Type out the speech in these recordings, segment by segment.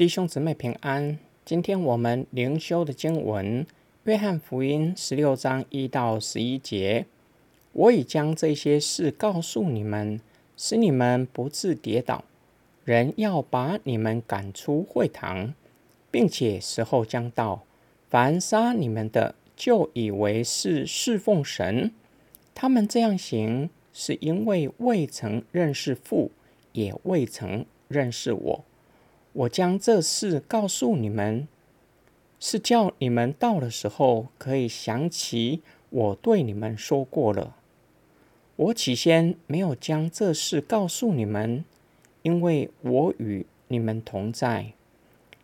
弟兄姊妹平安。今天我們靈修的經文《約翰福音》十六章一到十一節。我已將這些事告訴你們，使你們不致跌倒。人要把你們趕出會堂，並且時候將到，凡殺你們的，就以為是侍奉神。他們這樣行，是因為未曾認識父，也未曾認識我。我將這事告訴你們，是叫你們到的時候可以想起我對你們說過了。我起先沒有將這事告訴你們，因為我與你們同在。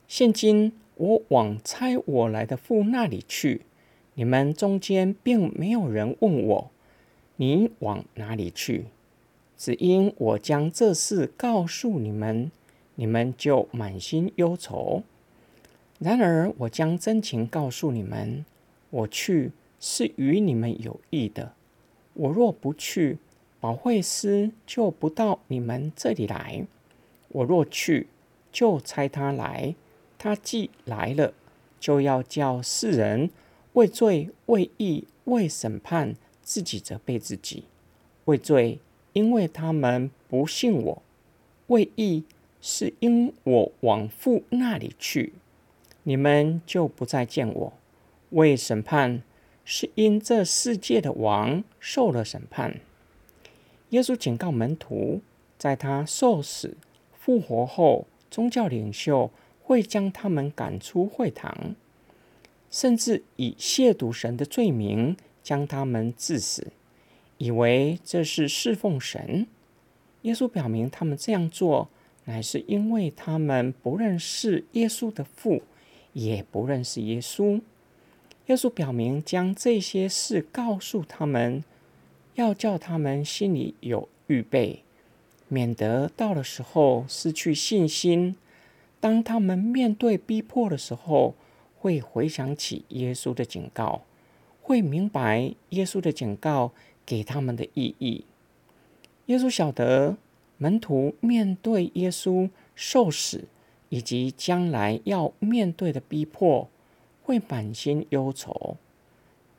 現今我往差我來的父那裡去，你們中間並沒有人問我，你往哪裡去，只因我將這事告訴你們，你們就滿心憂愁。然而，我將真情告訴你們：我去是與你們有益的。我若不去，保惠師就不到你們這裡來；我若去，就差他來。他既來了，就要叫世人為罪、為義、為審判，自己責備自己。為罪，因為他們不信我；為義。是因我往父那裡去，你們就不再見我。為審判，是因這世界的王受了審判。耶穌警告門徒，在他受死、復活後，宗教領袖會將他們趕出會堂，甚至以褻瀆神的罪名將他們治死，以為這是侍奉神。耶穌表明他們這樣做。乃是因為他們不認識耶穌的父，也不認識耶穌。耶穌表明將這些事告訴他們，要叫他們心裡有預備，免得到了的時候失去信心。當他們面對逼迫的時候，會回想起耶穌的警告，會明白耶穌的警告給他們的意義。耶穌曉得。門徒面對耶穌受死以及將來要面對的逼迫，會滿心憂愁。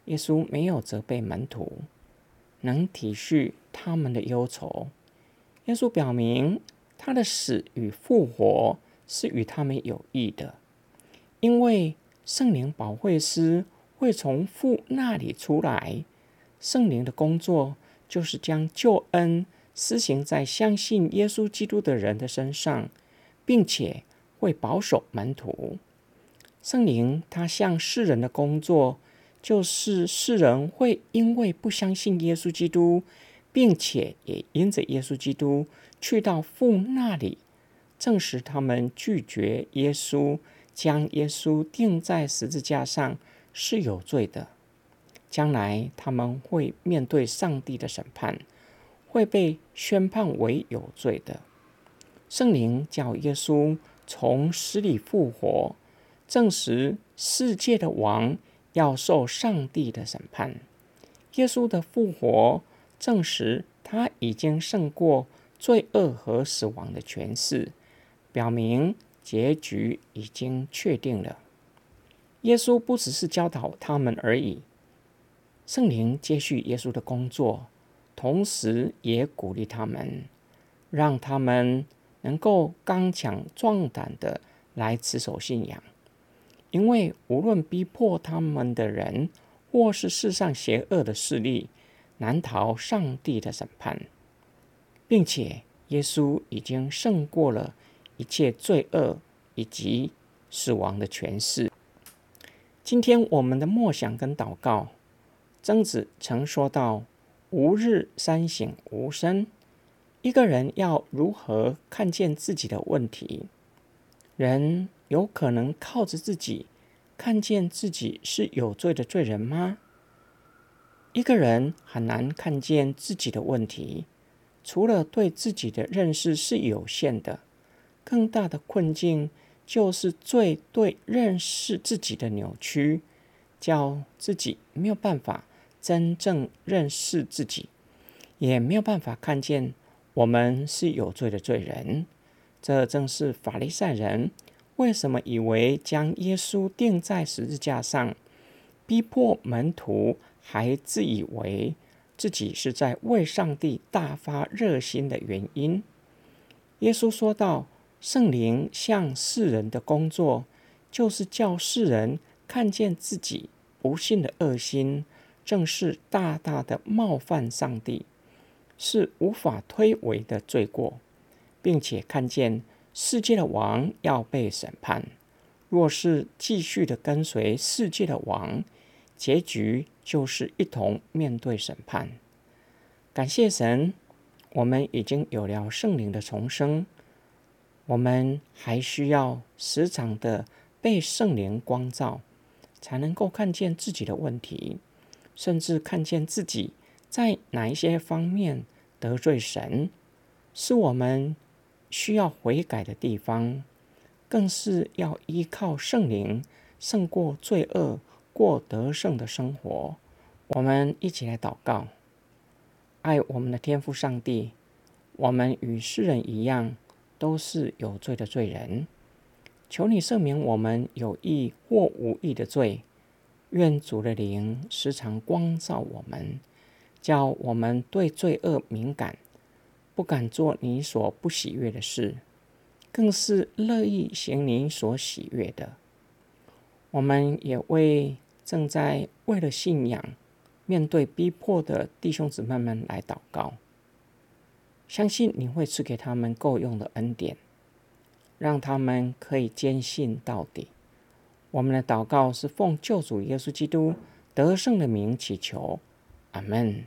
耶穌沒有責備門徒，能體恤他們的憂愁。耶穌表明，他的死與復活是與他們有益的，因為聖靈保惠師會從父那裡出來。聖靈的工作就是將救恩。施行在相信耶穌基督的人的身上，並且會保守門徒。聖靈他向世人的工作，就是世人會因為不相信耶穌基督，並且也因着耶穌基督去到父那裡，證實他們拒絕耶穌，將耶穌釘在十字架上是有罪的。將來他們會面對上帝的審判。會被宣判為有罪的。聖靈叫耶穌從死裡復活，證實世界的王要受上帝的審判。耶穌的復活證實他已經勝過罪惡和死亡的權勢，表明結局已經確定了。耶穌不只是教導他們而已，聖靈接續耶穌的工作。同時也鼓勵他們，讓他們能夠剛強壯膽地來持守信仰，因為無論逼迫他們的人或是世上邪惡的勢力，難逃上帝的審判，並且耶穌已經勝過了一切罪惡以及死亡的權勢。今天我們的默想跟禱告，曾子曾說到。吾日三省吾身。一個人要如何看見自己的問題？人有可能靠着自己看見自己是有罪的罪人嗎？一個人很難看見自己的問題，除了對自己的認識是有限的，更大的困境就是罪對認識自己的扭曲，叫自己沒有辦法。真正認識自己，也沒有辦法看見我們是有罪的罪人。這正是法利賽人為什麼以為將耶穌釘在十字架上，逼迫門徒，還自以為自己是在為上帝大發熱心的原因。耶穌說道：「聖靈向世人的工作，就是叫世人看見自己不信的惡心。正是大大的冒犯上帝，是無法推諉的罪過，並且看見世界的王要被審判。若是繼續的跟隨世界的王，結局就是一同面對審判。感謝神，我們已經有了聖靈的重生，我們還需要時常的被聖靈光照，才能夠看見自己的問題。甚至看見自己在哪一些方面得罪神，是我們需要悔改的地方，更是要依靠聖靈勝過罪惡，過得勝的生活。我們一起來禱告。愛我們的天父上帝，我們與世人一樣，都是有罪的罪人，求你赦免我們有意或無意的罪。願主的靈時常光照我們，叫我們對罪惡敏感，不敢做你所不喜悅的事，更是樂意行你所喜悅的。我們也為正在為了信仰面對逼迫的弟兄姊妹們來禱告，相信你會賜給他們夠用的恩典，讓他們可以堅信到底。我們的禱告是奉救主耶穌基督得勝的名祈求，阿門。